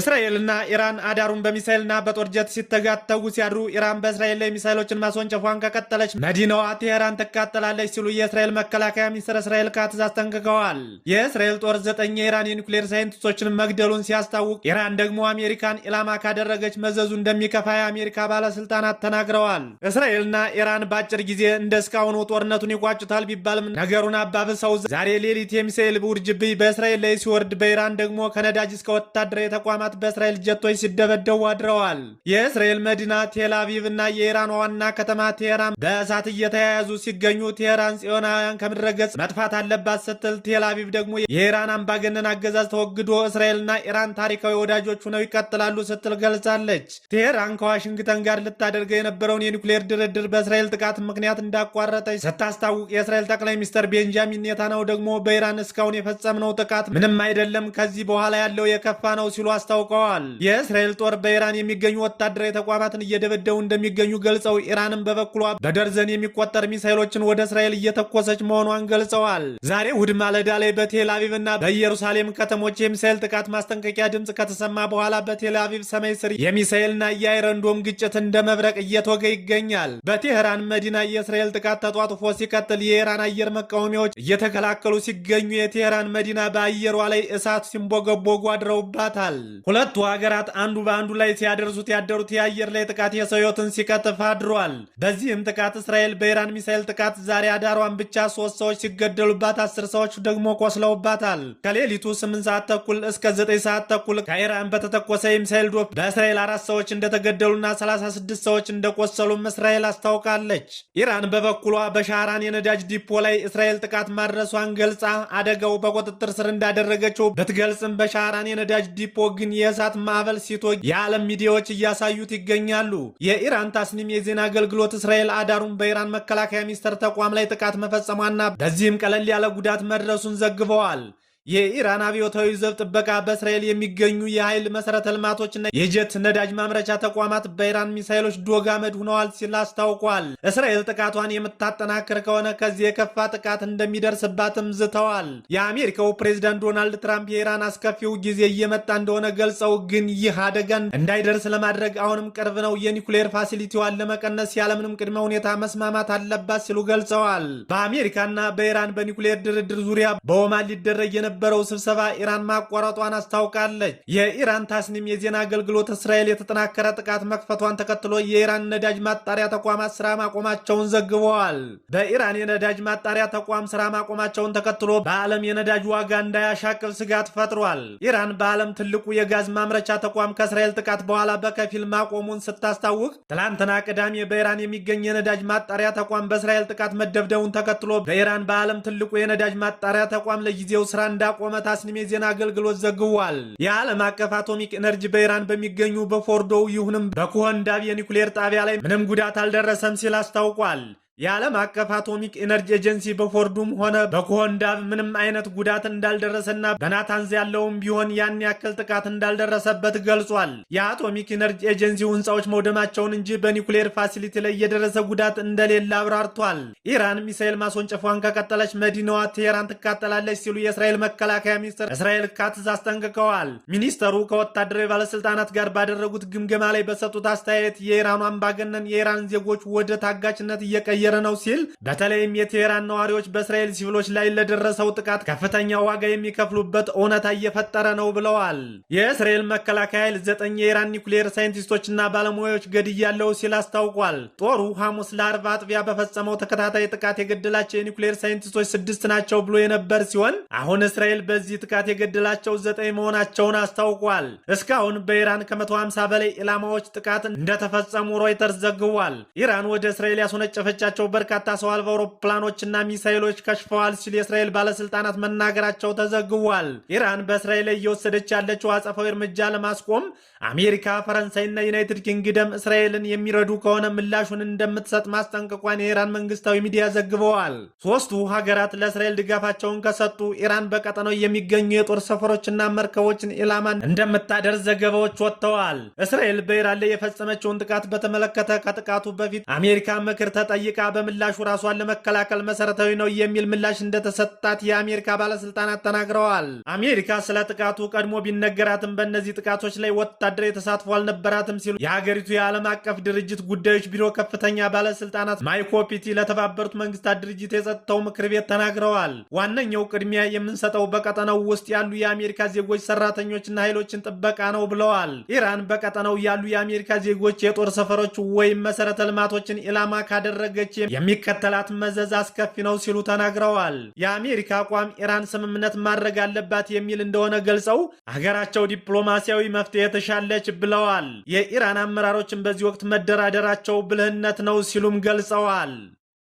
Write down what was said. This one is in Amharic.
እስራኤልና ኢራን አዳሩን በሚሳይልና በጦር ጀት ሲተጋተጉ ሲያድሩ ኢራን በእስራኤል ላይ ሚሳይሎችን ማስወንጨፏን ከቀጠለች መዲናዋ ቴሄራን ትቃጠላለች ሲሉ የእስራኤል መከላከያ ሚኒስትር እስራኤል ካትዝ አስጠንቅቀዋል። የእስራኤል ጦር ዘጠኝ የኢራን የኒኩሌር ሳይንቲስቶችን መግደሉን ሲያስታውቅ ኢራን ደግሞ አሜሪካን ኢላማ ካደረገች መዘዙ እንደሚከፋ የአሜሪካ ባለስልጣናት ተናግረዋል። እስራኤልና ኢራን በአጭር ጊዜ እንደ እስካሁኑ ጦርነቱን ይቋጩታል ቢባልም ነገሩን አባብሰው ዛሬ ሌሊት የሚሳኤል ውርጅብኝ በእስራኤል ላይ ሲወርድ፣ በኢራን ደግሞ ከነዳጅ እስከ ወታደራዊ ተቋማ ተቋማት በእስራኤል ጀቶች ሲደበደቡ አድረዋል። የእስራኤል መዲና ቴል አቪቭ እና የኢራን ዋና ከተማ ቴሄራን በእሳት እየተያያዙ ሲገኙ ቴሄራን ጽዮናውያን ከምድረ ገጽ መጥፋት አለባት ስትል፣ ቴል አቪቭ ደግሞ የኢራን አምባገነን አገዛዝ ተወግዶ እስራኤልና ኢራን ታሪካዊ ወዳጆች ሆነው ይቀጥላሉ ስትል ገልጻለች። ቴሄራን ከዋሽንግተን ጋር ልታደርገው የነበረውን የኒውክሌር ድርድር በእስራኤል ጥቃት ምክንያት እንዳቋረጠች ስታስታውቅ የእስራኤል ጠቅላይ ሚኒስትር ቤንጃሚን ኔታናው ደግሞ በኢራን እስካሁን የፈጸምነው ጥቃት ምንም አይደለም፣ ከዚህ በኋላ ያለው የከፋ ነው ሲሉ አስታ አስታውቀዋል። የእስራኤል ጦር በኢራን የሚገኙ ወታደራዊ ተቋማትን እየደበደቡ እንደሚገኙ ገልጸው ኢራንም በበኩሏ በደርዘን የሚቆጠር ሚሳይሎችን ወደ እስራኤል እየተኮሰች መሆኗን ገልጸዋል። ዛሬ እሁድ ማለዳ ላይ በቴልአቪቭ እና በኢየሩሳሌም ከተሞች የሚሳይል ጥቃት ማስጠንቀቂያ ድምፅ ከተሰማ በኋላ በቴልአቪቭ ሰማይ ስር የሚሳይልና የአይረንዶም ግጭት እንደ መብረቅ እየተወገ ይገኛል። በቴህራን መዲና የእስራኤል ጥቃት ተጧጥፎ ሲቀጥል የኢራን አየር መቃወሚያዎች እየተከላከሉ ሲገኙ የቴህራን መዲና በአየሯ ላይ እሳት ሲንቦገቦጉ አድረውባታል። ሁለቱ ሀገራት አንዱ በአንዱ ላይ ሲያደርሱት ያደሩት የአየር ላይ ጥቃት የሰው ሕይወትን ሲቀጥፍ አድሯል። በዚህም ጥቃት እስራኤል በኢራን ሚሳኤል ጥቃት ዛሬ አዳሯን ብቻ ሶስት ሰዎች ሲገደሉባት፣ አስር ሰዎች ደግሞ ቆስለውባታል። ከሌሊቱ ስምንት ሰዓት ተኩል እስከ 9 ሰዓት ተኩል ከኢራን በተተኮሰ የሚሳኤል ዶፍ በእስራኤል አራት ሰዎች እንደተገደሉና 36 ሰዎች እንደቆሰሉም እስራኤል አስታውቃለች። ኢራን በበኩሏ በሻህራን የነዳጅ ዲፖ ላይ እስራኤል ጥቃት ማድረሷን ገልጻ አደጋው በቁጥጥር ስር እንዳደረገችው ብትገልጽም በሻህራን የነዳጅ ዲፖ ግን የእሳት ማዕበል ሲቶግ የዓለም ሚዲያዎች እያሳዩት ይገኛሉ። የኢራን ታስኒም የዜና አገልግሎት እስራኤል አዳሩን በኢራን መከላከያ ሚኒስቴር ተቋም ላይ ጥቃት መፈጸሟና በዚህም ቀለል ያለ ጉዳት መድረሱን ዘግበዋል። የኢራን አብዮታዊ ዘብ ጥበቃ በእስራኤል የሚገኙ የኃይል መሰረተ ልማቶችና የጀት ነዳጅ ማምረቻ ተቋማት በኢራን ሚሳይሎች ዶጋመድ አመድ ሆነዋል ሲል አስታውቋል። እስራኤል ጥቃቷን የምታጠናክር ከሆነ ከዚህ የከፋ ጥቃት እንደሚደርስባትም ዝተዋል። የአሜሪካው ፕሬዚዳንት ዶናልድ ትራምፕ የኢራን አስከፊው ጊዜ እየመጣ እንደሆነ ገልጸው፣ ግን ይህ አደጋን እንዳይደርስ ለማድረግ አሁንም ቅርብ ነው፣ የኒኩሌር ፋሲሊቲዋን ለመቀነስ ያለምንም ቅድመ ሁኔታ መስማማት አለባት ሲሉ ገልጸዋል። በአሜሪካና በኢራን በኒኩሌር ድርድር ዙሪያ በኦማን ሊደረግ የነበ የነበረው ስብሰባ ኢራን ማቋረጧን አስታውቃለች። የኢራን ታስኒም የዜና አገልግሎት እስራኤል የተጠናከረ ጥቃት መክፈቷን ተከትሎ የኢራን ነዳጅ ማጣሪያ ተቋማት ስራ ማቆማቸውን ዘግበዋል። በኢራን የነዳጅ ማጣሪያ ተቋም ስራ ማቆማቸውን ተከትሎ በዓለም የነዳጅ ዋጋ እንዳያሻቅብ ስጋት ፈጥሯል። ኢራን በዓለም ትልቁ የጋዝ ማምረቻ ተቋም ከእስራኤል ጥቃት በኋላ በከፊል ማቆሙን ስታስታውቅ ትላንትና ቅዳሜ በኢራን የሚገኝ የነዳጅ ማጣሪያ ተቋም በእስራኤል ጥቃት መደብደቡን ተከትሎ በኢራን በዓለም ትልቁ የነዳጅ ማጣሪያ ተቋም ለጊዜው ስራ እንዳ እንዳቆመ ታስኒም የዜና አገልግሎት ዘግቧል። የዓለም አቀፍ አቶሚክ ኤነርጂ በኢራን በሚገኙ በፎርዶው ይሁንም በኮሆንዳብ የኒኩሌር ጣቢያ ላይ ምንም ጉዳት አልደረሰም ሲል አስታውቋል። የዓለም አቀፍ አቶሚክ ኤነርጂ ኤጀንሲ በፎርዱም ሆነ በኮሆንዳብ ምንም አይነት ጉዳት እንዳልደረሰና በናታንዝ ያለውም ቢሆን ያን ያክል ጥቃት እንዳልደረሰበት ገልጿል። የአቶሚክ ኤነርጂ ኤጀንሲው ህንፃዎች መውደማቸውን እንጂ በኒኩሌር ፋሲሊቲ ላይ የደረሰ ጉዳት እንደሌለ አብራርቷል። ኢራን ሚሳኤል ማስወንጨፏን ከቀጠለች መዲናዋ ቴሄራን ትቃጠላለች ሲሉ የእስራኤል መከላከያ ሚኒስትር እስራኤል ካትዝ አስጠንቅቀዋል። ሚኒስተሩ ከወታደራዊ ባለስልጣናት ጋር ባደረጉት ግምገማ ላይ በሰጡት አስተያየት የኢራኑ አምባገነን የኢራን ዜጎች ወደ ታጋችነት እየቀየ እየተቀየረ ነው ሲል በተለይም የቴሄራን ነዋሪዎች በእስራኤል ሲቪሎች ላይ ለደረሰው ጥቃት ከፍተኛ ዋጋ የሚከፍሉበት እውነታ እየፈጠረ ነው ብለዋል። የእስራኤል መከላከያ ኃይል ዘጠኝ የኢራን ኒውክሌር ሳይንቲስቶችና ባለሙያዎች ገድያለው ሲል አስታውቋል። ጦሩ ሐሙስ ለአርብ አጥቢያ በፈጸመው ተከታታይ ጥቃት የገደላቸው የኒውክሌር ሳይንቲስቶች ስድስት ናቸው ብሎ የነበር ሲሆን አሁን እስራኤል በዚህ ጥቃት የገደላቸው ዘጠኝ መሆናቸውን አስታውቋል። እስካሁን በኢራን ከ150 በላይ ኢላማዎች ጥቃት እንደተፈጸሙ ሮይተርስ ዘግቧል። ኢራን ወደ እስራኤል ያስወነጨፈቻቸው ያላቸው በርካታ ሰው አልባ አውሮፕላኖችና ሚሳይሎች ከሽፈዋል ሲል የእስራኤል ባለስልጣናት መናገራቸው ተዘግቧል። ኢራን በእስራኤል ላይ እየወሰደች ያለችው አጸፋዊ እርምጃ ለማስቆም አሜሪካ፣ ፈረንሳይና ዩናይትድ ኪንግደም እስራኤልን የሚረዱ ከሆነ ምላሹን እንደምትሰጥ ማስጠንቀቋን የኢራን መንግስታዊ ሚዲያ ዘግበዋል። ሶስቱ ሀገራት ለእስራኤል ድጋፋቸውን ከሰጡ ኢራን በቀጠናው የሚገኙ የጦር ሰፈሮችና መርከቦችን ኢላማን እንደምታደርስ ዘገባዎች ወጥተዋል። እስራኤል በኢራን ላይ የፈጸመችውን ጥቃት በተመለከተ ከጥቃቱ በፊት አሜሪካ ምክር ተጠይቃል። በምላሹ ራሷን ለመከላከል መሰረታዊ ነው የሚል ምላሽ እንደተሰጣት የአሜሪካ ባለስልጣናት ተናግረዋል። አሜሪካ ስለ ጥቃቱ ቀድሞ ቢነገራትም በእነዚህ ጥቃቶች ላይ ወታደራዊ ተሳትፎ አልነበራትም ሲሉ የሀገሪቱ የዓለም አቀፍ ድርጅት ጉዳዮች ቢሮ ከፍተኛ ባለስልጣናት ማይኮፒቲ ለተባበሩት መንግስታት ድርጅት የጸጥታው ምክር ቤት ተናግረዋል። ዋነኛው ቅድሚያ የምንሰጠው በቀጠናው ውስጥ ያሉ የአሜሪካ ዜጎች ሰራተኞችና ኃይሎችን ጥበቃ ነው ብለዋል። ኢራን በቀጠናው ያሉ የአሜሪካ ዜጎች የጦር ሰፈሮች ወይም መሰረተ ልማቶችን ኢላማ ካደረገች የሚከተላት መዘዝ አስከፊ ነው ሲሉ ተናግረዋል። የአሜሪካ አቋም ኢራን ስምምነት ማድረግ አለባት የሚል እንደሆነ ገልጸው አገራቸው ዲፕሎማሲያዊ መፍትሄ ተሻለች ብለዋል። የኢራን አመራሮችን በዚህ ወቅት መደራደራቸው ብልህነት ነው ሲሉም ገልጸዋል።